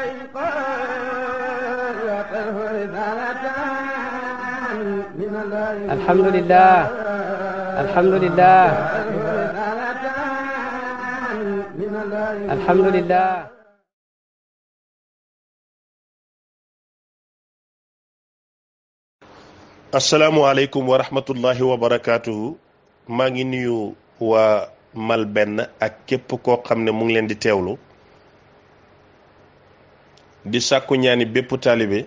alhamdulilah alhamdulilah alhamdulilah. asalaamualeykum wa rahmatullahi wa barakaatuhu maa ngi nuyu waa Malbenn ak képp koo xam ne mu ngi leen di teewlu. di sàkku ñaani bépp taalibe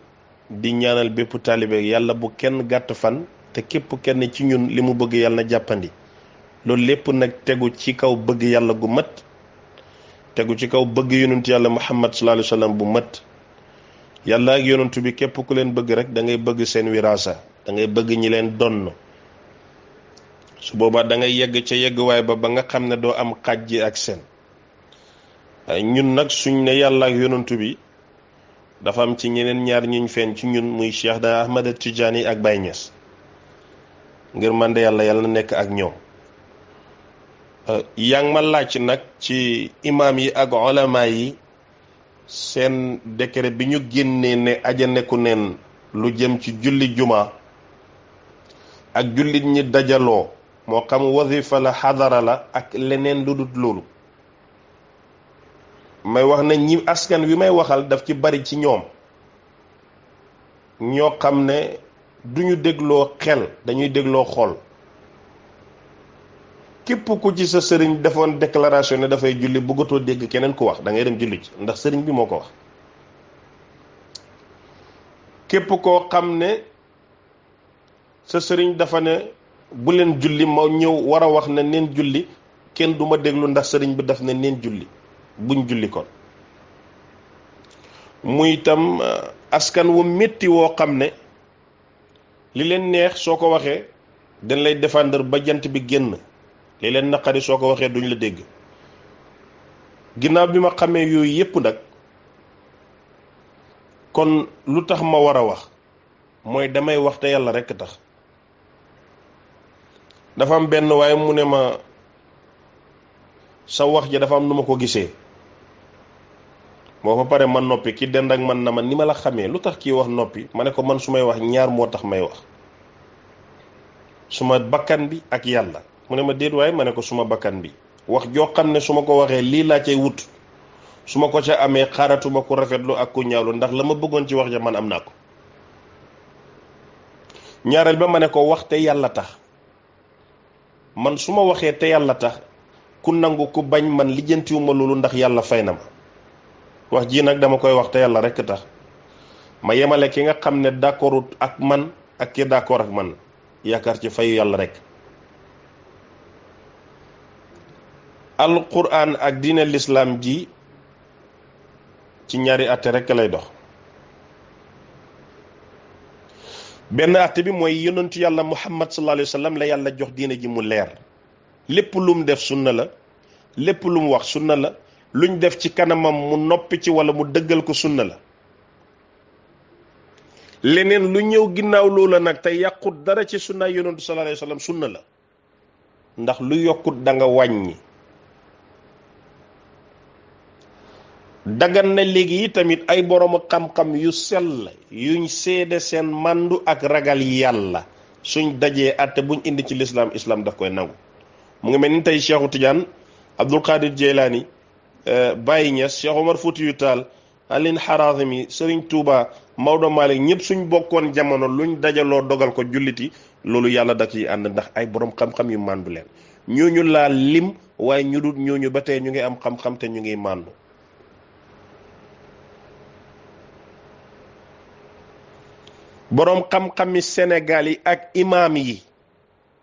di ñaanal bépp taalibe yàlla bu kenn gàtt fan te képp kenn ci ñun li mu bëgg yàlla jàppandi loolu lépp nag tegu ci kaw bëgg yàlla gu mat tegu ci kaw bëgg yonent yàlla muhammad sallallahu alayhi wa sallam bu mat yàlla ak yonent bi képp ku leen bëgg rek dangay bëgg seen wiraasa dangay bëgg ñi leen donn su boobaa dangay yegg ca yegguwaay ba ba nga xam ne doo am xàjji ak seen ñun nag suñ ne yàlla ak yonent bi dafa am ci ñeneen ñaar ñuñ feeñ ci ñun muy Cheikh da Ahmad Tidiane ak Baye ngir man de yàlla yàlla na nekk ak ñoom euh, yaa ngi ma laaj nag ci imam yi ak olama yi seen décret bi ñu génnee ne aja nekku neen lu jëm ci julli juma ak jullit ñi dajaloo moo xam wasifa la xadara la ak leneen lu dut loolu may wax ne ñi askan wi may waxal daf ci bari ci ñoom ñoo xam ne duñu dégloo xel dañuy dégloo xool képp ku ci sa sëriñ defoon déclaration ne dafay julli bëggatoo dégg keneen ku wax dangay dem julli ci ndax sëriñ bi moo ko wax képp koo xam ne sa sëriñ dafa ne bu leen julli ma ñëw war a wax ne neen julli kenn duma déglu ndax sëriñ bi daf ne neen julli buñ julli kon muy itam euh, askan wu metti woo xam ne li leen neex soo ko waxee dañ lay défendre ba jant bi génn li leen naqari soo ko waxee duñ la dégg ginnaaw bi ma xamee yooyu yépp nag kon lu tax ma war a wax mooy damay wax te yàlla rekk tax dafa am benn waaye mu ne ma sa wax ji dafa am nu ma ko gisee boo ba paree man noppi ki dend ak man na ma ni ma la xamee lu tax kii wax noppi ma ne ko man su may wax ñaar moo tax may wax suma bakkan bi ak yàlla mu ne ma déet waaye ma ne ko suma bakkan bi wax joo xam ne su ma ko waxee lii laa cay wut su ma ko ca amee xaaratuma ku rafetlu ak ku ñaawlu ndax la ma bëggoon ci wax ja man am naa ko ñaareel ba ma ne ko wax te yàlla tax man su ma waxee te yàlla tax ku nangu ku bañ man lijjantiwuma loolu ndax yàlla fay na wax jii nag dama koy wax te yàlla rek tax ma yemale ki nga xam ne d'accordut ak man ak ki d'accord ak man yaakaar ci fayu yàlla rek alquran ak diine lislaam ji ci ñaari atte rek lay dox benn atte bi mooy yonentu yàlla muhammad sallallahu alayhi wa sallam la yàlla jox diine ji mu leer lépp lum def sunna la lépp lum wax sunna la luñ def ci kanamam mu noppi ci wala mu dëggal ko sunna la leneen lu ñëw ginnaaw loola nag te yàqut dara ci sunna yonentu sallallahu alayhi wasallam sunna la ndax lu yokkut danga nga wàññi dagan na léegi yi tamit ay boroomu xam-xam yu sell yuñ seede seen màndu ak ragal yàlla suñ dajee àtte buñ indi ci lislaam islaam daf koy nangu mu ngi mel ni tey Cheikhu Tidiane Abdul Qadir Jeylaani Eh, Baye Niass Cheikh Omar Foutiyou Tall Aline Harazimi Serigne Touba Maodo Malick ñëpp suñ bokkoon jamono luñ dajaloo dogal ko julliti loolu yàlla da ciy ànd ndax ay boroom xam-xam yu màndu leen ñooñu laa lim waaye ñu dut ñooñu ba tey ñu ngi am xam-xam te ñu ngi màndu. boroom xam-xami senegaal yi ak imaam yi.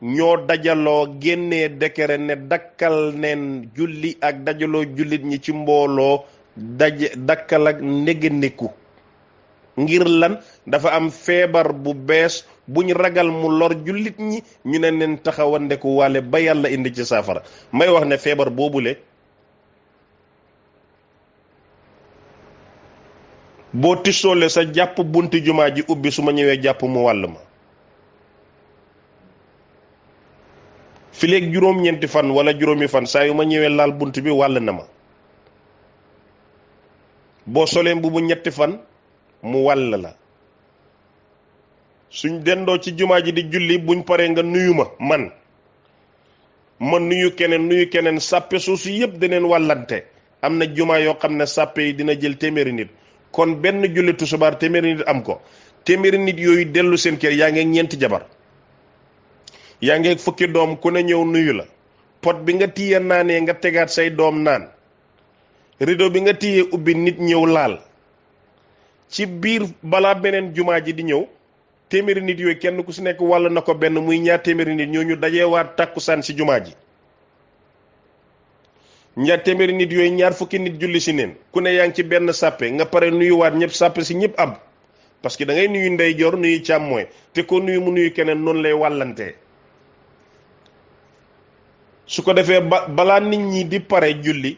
ñoo dajaloo génnee décret ne dakkal neen julli ak dajaloo jullit ñi ci mbooloo daj dakkal ak néganiku ngir lan dafa am feebar bu bees buñ ragal mu lor jullit ñi ñu ne neen taxawandeku wàlle ba yàlla indi ci saafara may wax ne feebar boobule boo tisoolee sa jàpp bunt jumaa ji ubbi su ma ñëwee jàpp mu wàll ma fi léegi juróom-ñeenti fan wala juróomi fan saa yu ñëwee laal bunt bi wàll na ma boo solee mbubu ñetti fan mu wàll la suñ dendoo ci jumaa ji di julli buñ paree nga nuyu ma man ma nuyu keneen nuyu keneen sàppe suusu yëpp daneen wàllante am na jumaa yoo xam ne sàppe yi dina jël téeméeri nit kon benn julli tusubaar téeméeri nit am ko téeméeri nit yooyu dellu seen kër yaa ngi ñeenti jabar yaa ngeeg fukki doom ku ne ñëw nuyu la pot bi nga téye naanee nga tegaat say doom naan rideau bi nga téye ubbi nit ñëw laal ci biir balaa beneen jumaa ji di ñëw téeméeri nit yooyu kenn ku si nekk wàll na ko benn muy ñaar téeméeri nit ñoo ñu dajeewaat saan si jumaa ji ñaar téeméeri nit yooyu ñaar fukki nit julli si neen ku ne yaa ngi ci benn sàppe nga pare nuyuwaat ñëpp sàppe si ñëpp am parce que da ngay nuyu ndeyjoor nuyu càmmooy te ko nuyu mu nuyu keneen noonu lay wàllantee su ko defee ba balaa nit ñi di pare julli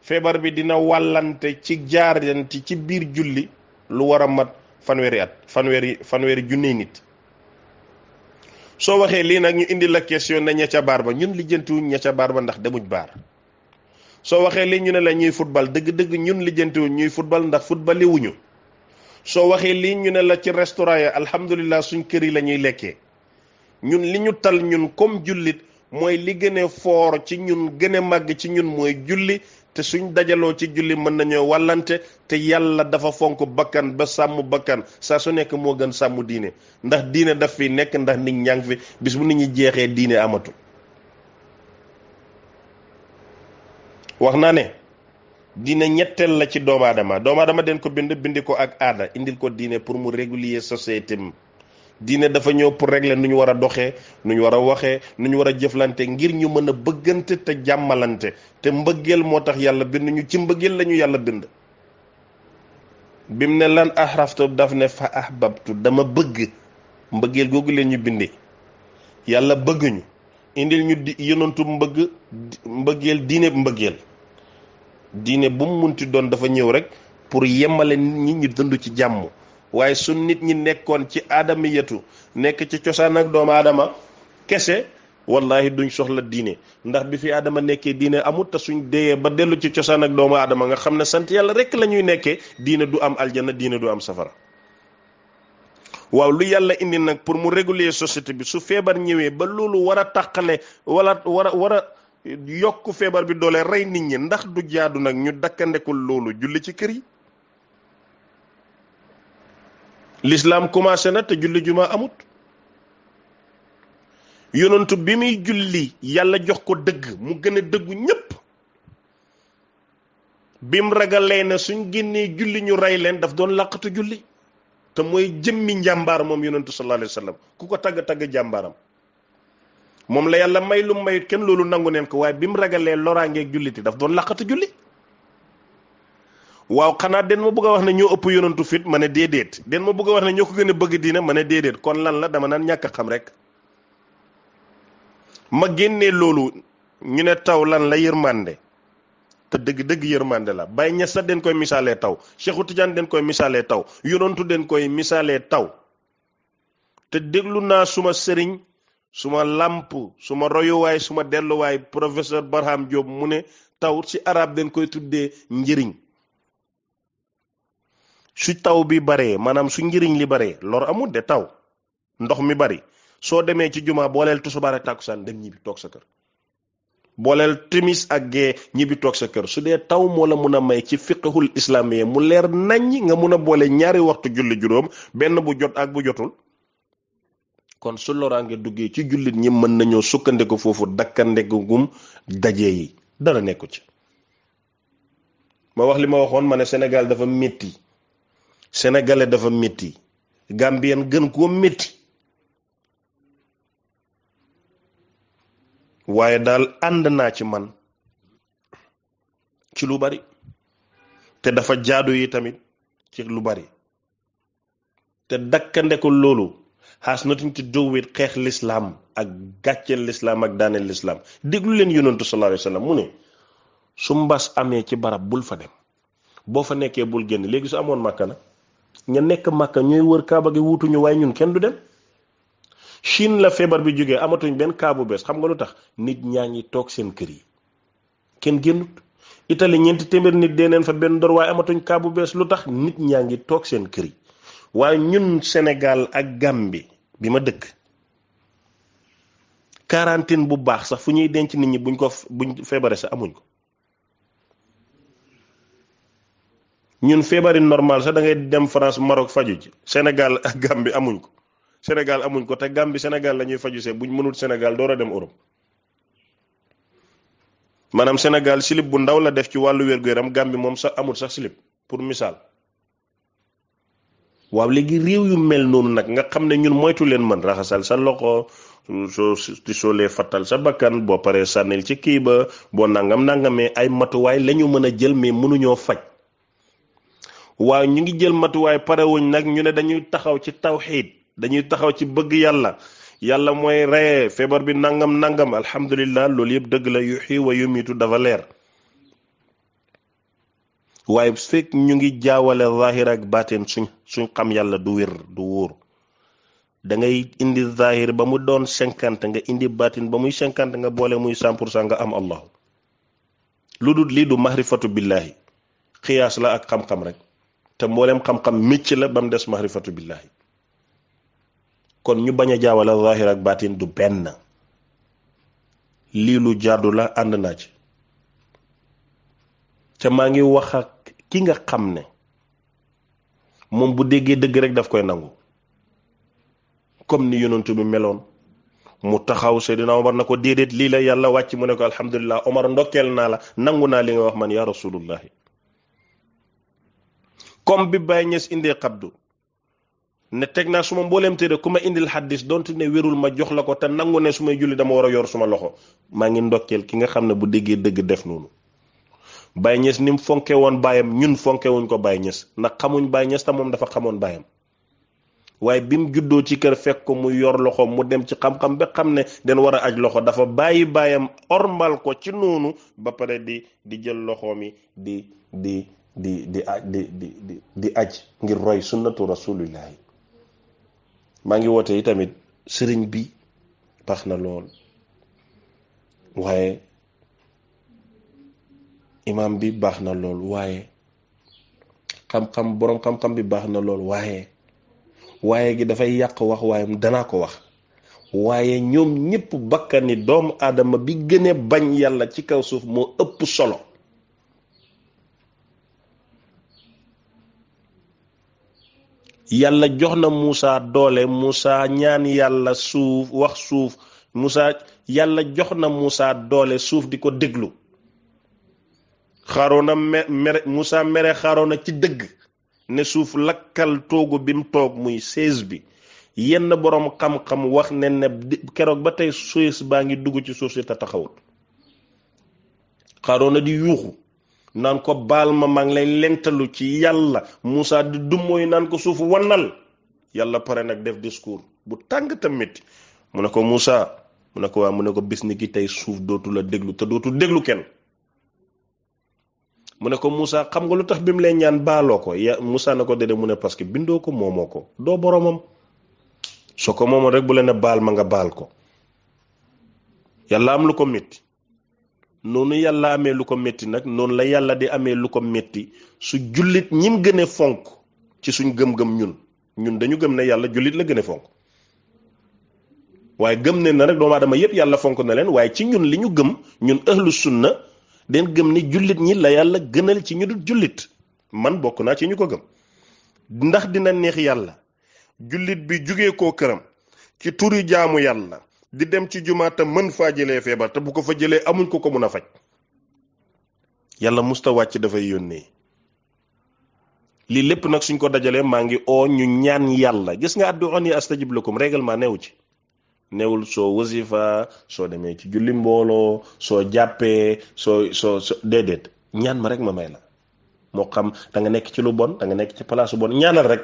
feebar bi dina wàllante ci jaarante ci biir julli lu war a mat fanweeri at fanweeri fanweeri junni nit soo waxee lii nag ñu indi la question ne ña ca baar ba ñun lijjantiwuñ ña ca baar ba ndax demuñ baar soo waxee lii ñu ne la ñuy football dëgg-dëgg ñun lijjantiwuñ ñuy football ndax futbaliwuñu soo waxee lii ñu ne la ci restaurant ya alhamdulilah suñ kër yi lañuy ñuy lekkee ñun li ñu tal ñun comme jullit mooy li gën a foor ci ñun gën a màgg ci ñun mooy julli te suñ dajaloo ci julli mën nañoo wàllante te yàlla dafa fonk bakkan ba sàmm bakkan saa su nekk moo gën sàmm diine ndax diine daf fi nekk ndax nit ñaa ngi fi bis bu nit ñi jeexee diine amatu wax naa ne diine ñetteel la ci doomu aadama doomu aadama den ko bind bindi ko ak aada indil ko diine pour mu régulier société am diine dafa ñëw pour régler nu ñu war a doxee nu ñu war a waxee nu ñu war a jëflante ngir ñu mën a bëggante te jàmmalante te mbëggeel moo tax yàlla bind ñu ci mbëggeel lañu yàlla bind bim ne lan ahraftu daf ne fa ahbabtu dama bëgg mbëggeel googu leen ñu bindee yàlla bëgg ñu ñu di yonantu mbëgg mbëggeel diine mbëggeel diine bu mu munti doon dafa ñëw rek pour yemale nit ñi dund ci jàmm waaye su nit ñi nekkoon ci yetu nekk ci cosaan ak doomu aadama kese wallahi duñ soxla diine ndax bi fi aadama nekkee diine amut ta suñ deyee ba dellu ci cosaan ak doomu aadama nga xam ne sant yàlla rek la ñuy nekkee diine du am aljana diine du am safara waaw lu yàlla indi nag pour mu réguler société bi su feebar ñëwee ba loolu war a tàqale wala war war a yokk feebar bi doole rey nit ñi ndax du jaadu nag ñu dakkandekul loolu julli ci kër yi lislaam commencé na te julli juma amut yonentu bi muy julli yàlla jox ko dëgg mu gën a dëggu ñépp bim ragalee na suñ génnee julli ñu rey leen daf doon làqatu julli te mooy jëmmi njàmbaar moom yonentu sallallahu alayhi wa sallam ku ko tagg tagg jàmbaaram moom la yàlla may lu mayut kenn loolu nangu neen ko waaye bim ragalee loraangeeg julliti daf doon làqatu julli waaw xanaa den ma bëgg a wax na ñoo ëpp yonantu fit ma ne déedéet den ma bëgg a wax na ñoo ko gën a bëgg diina ma ne déedéet kon lan la dama naan ñàkk xam rek ma génnee loolu ñu ne taw lan la yërmande te dëgg-dëgg yërmande la bay Ñas sax den koy misaalee taw Cheikhu Tidiane den koy misaalee taw yonantu den koy misaalee taw te déglu naa suma sëriñ suma làmp suma royuwaay suma delluwaay professeur Barham Diop mu ne taw si arab den koy tuddee njëriñ su taw bi baree maanaam su njëriñ li baree lor amul de taw ndox mi bari soo demee ci jumaa booleel tusubaar ak tàkkusaan dem ñibbi toog sa kër booleel timis ak gee ñibbi toog sa kër su dee taw moo la mun a may ci fiqhul islaamiyya mu leer naññ nga mun a boole ñaari waxtu julli juróom benn bu jot ak bu jotul kon su loraange duggee ci jullit ñi mën nañoo sukkandiku foofu dakkandiku gum daje yi dara nekku ci ma wax li ma waxoon ma ne Sénégal dafa métti sénégalais dafa métti gambien gën koo métti waaye daal ànd naa ci man ci lu bari te dafa jaadu yi tamit ci lu bari te dakkande ko loolu has nothing to do with xeex lislaam ak gàcceel lislaam ak daaneel lislaam déglu leen yonentu sallallahu alayhi mu ne su mbas amee ci barab bul fa dem boo fa nekkee bul génn léegi su amoon màkka na ña nekk Makka ñuy wër Kaaba gi wutuñu waaye ñun kenn du dem Chine la feebar bi jógee amatuñ benn kaabu bees xam nga lu tax nit ñaa ngi toog seen kër yi kenn génnut Italie ñeenti téeméer nit dee fa benn dor waaye amatuñ cas bees lu tax nit ñaa ngi toog seen kër waaye ñun Sénégal ak Gambie bi ma dëkk quarantaine bu baax sax fu ñuy denc nit ñi buñ ko buñ feebare sax amuñ ko. ñun feebari normal sax da dem France Maroc faju ci Sénégal ak Gambie amuñ ko Sénégal amuñ ko te Gambie senegal la ñuy faju see ñu mënul Sénégal door a dem Europe maanaam senegal slip bu ndaw la def ci wàllu wér-gu-yaram Gambie moom sax amul sax slip pour misaal waaw léegi réew yu mel noonu nag nga xam ne ñun moytu leen mën raxasal sa loxo soo tisoolee fattal sa bakkan boo paree sànnil ci kii ba boo nangam nangamee ay matuwaay lañu mën a jël mais mënuñoo faj. waaye ñu ngi jël matuwaay parewuñ nag ñu ne dañuy taxaw ci tawxiid dañuy taxaw ci bëgg yàlla yàlla mooy reye feebar bi nangam nangam alhamdulillah loolu yëpp dëgg la yu xii yu miitu dafa leer waaye fekk ñu ngi jaawale zahir ak baatin suñ suñ xam yàlla du wér du wóor da ngay indi zahir ba mu doon cinquante nga indi baatin ba muy cinquante nga boole muy cent pour cent nga am allahu lu dul lii du mahrifatu billahi xiyaas la ak xam-xam rek te mboolem xam-xam micc la ba mu des mahrifatu billahi kon ñu bañ a jaawale zahir ak baatin du benn lii lu jaadu la ànd naa ci te maa ngi wax ak ki nga xam ne moom bu déggee dëgg rek daf koy nangu comme ni yonent mu meloon mu taxaw Seydina Omar na ko déedéet lii la yàlla wàcc mu ne ko alhamdulilah Omar ndokkeel naa la nangu naa li nga wax man yaa rasulullahi comme bi Baye Niass indee xabdu ne teg naa suma mbooleem téere ku ma indil xaddis donte ne wérul ma jox la ko te nangu ne su julli dama war a yor suma loxo maa ngi ndokkeel ki nga xam ne bu déggee dëgg def noonu Baye Niass ni mu fonke woon baayam ñun fonke wuñ ko bàyyi Niass ndax xamuñ Baye Niass te moom dafa xamoon baayam waaye bi mu juddoo ci kër fekk ko mu yor loxo mu dem ci xam-xam ba xam ne den war a aj loxo dafa bàyyi baayam ormal ko ci noonu ba pare di di jël loxo mi di di di di di di aj ngir roy sunnatu rasulillahi maa ngi woote yi tamit sëriñ bi baax na lool waaye imaam bi baax na lool waaye xam-xam boroom xam-xam bi baax na lool waaye waaye gi dafay yàq wax waaye danaa ko wax waaye ñoom ñépp bakkani doomu aadama bi gën a bañ yàlla ci kaw suuf moo ëpp solo yàlla jox na musa doole Moussa ñaan yàlla suuf wax suuf Moussa yàlla jox na Moussa doole suuf di ko déglu xaroona mere Moussa mere xaroona ci dëgg ne suuf lakkal toogu bi toog muy sées bi yenn boroom xam-xam wax ne ne keroog ba tey sées baa ngi dugg ci suuf si te xaroona di yuuxu naan ko baal ma maa ngi lay lentalu ci yàlla Moussa di dummooy naan ko suuf wannal yàlla pare nag def discours bu tàng tamit mu ne ko muusa mu ne ko waa mu ne ko bis ni ki tey suuf dootu la déglu te dootu déglu kenn mu ne ko Moussa xam nga lu tax bi mu lay ñaan baaloo ko ya Moussa ne ko déedéet mu ne parce que bindoo ko moomoo ko doo boromam soo ko moomoon rek bu leen baal ma nga baal ko yàlla am lu ko métti noonu yàlla amee lu ko métti nag noonu la yàlla di amee lu ko métti su jullit ñim gën a fonk ci suñ gëm-gëm ñun ñun dañu gëm ne yàlla jullit la gën fonk waaye gëm ne na rek aadama yépp yàlla fonk na leen waaye ci ñun li ñu gëm ñun ahlu sunna den gëm ne jullit ñi la yàlla gënal ci ñu dul jullit man bokk naa ci ñu ko gëm ndax dina neex yàlla jullit bi jugee koo këram ci turi jaamu yàlla di dem ci jumaa mën faa jëlee feebar te bu ko fa jëlee amuñ ko ko mun a faj yàlla musta wàcc dafay yónnee lii lépp nag suñ ko dajalee maa ngi oo ñu ñaan yàlla gis nga addu on yi astajib lakum règlement neewu ci newul soo wasifa soo demee ci julli mbooloo soo jàppee soo soo so déedéet ñaan ma rek ma may la moo xam da nekk ci lu bon da nga nekk ci palaasu bon ñaanal rek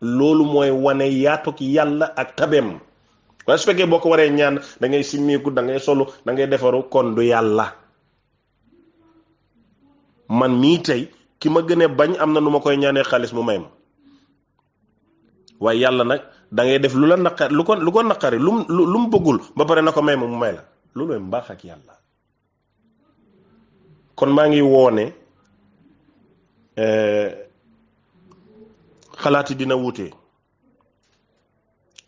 loolu mooy wane yaatu yàlla ak tabeem waaye su fekkee boo ko waree ñaan dangay ngay simmiku da ngay solu dangay ngay defaru kon du yàlla man mii tey ki ma gën a bañ am na nu ma koy ñaanee xaalis mu may ma waaye yàlla nag dangay def lu la naqar lu ko lu ko naqari lu mu bëggul ba pare na ko may ma mu may la loolu mbaax ak yàlla kon maa ngi woone eh, xalaati dina wuute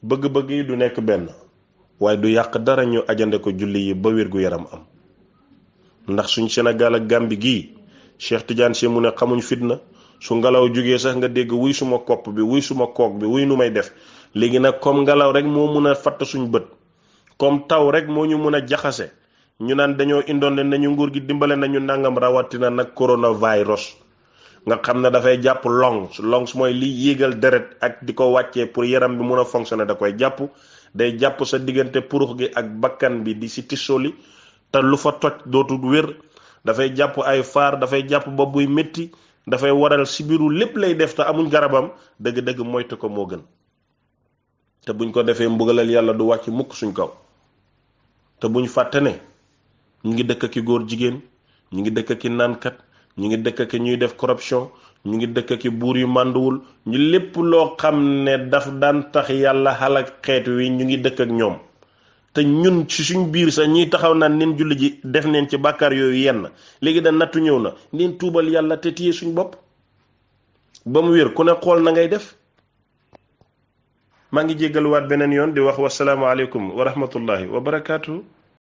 bëgg-bëgg yi du nekk benn waaye du yàq dara ñu ajande ko julli yi ba wér gu yaram am ndax suñ Sénégal ak Gàmbi gii Cheikh Tidiane si mu ne xamuñ fitna su ngelaw jógee sax nga dégg wuy suma kopp bi wuy suma kook bi wuy nu may def léegi nag comme ngelaw rek moo mun a fatt suñ bët comme taw rek moo ñu mun a jaxase ñu naan dañoo indoon ne nañu nguur gi dimbale nañu nangam rawatina nag coronavirus nga xam ne dafay jàpp longs longs mooy lii yéegal deret ak di ko wàccee pour yaram bi mun a fonctionner da koy jàpp day jàpp sa diggante purux gi ak bakkan bi di si tissoli te lu fa toj dootu wér dafay jàpp ay faar dafay jàpp ba buy métti dafay waral si biiru lépp lay def te amuñ garabam dëgg-dëgg moytu ko moo gën te buñ ko defee mbugalal yàlla du wàcc mukk suñ kaw te buñ fàtte ne ñu ngi dëkk ki góor jigéen ñu ngi dëkk ki naankat ñu ngi dëkk ki ñuy def corruption ñu ngi dëkk ki buur yu mànduwul ñu lépp loo xam ne daf daan tax yàlla xalak xeet wi ñu ngi dëkk ak ñoom te ñun ci suñ biir sax ñiy taxaw naan neen julli ji def neen ci bàkkaar yooyu yenn léegi da nattu ñëw na neen tuubal yàlla te téye suñ bopp ba mu wér ku ne xool na ngay def maa ngi jéggaluwaat beneen yoon di wax wasalaamualeykum wa rahmatullahi wa barakaatu.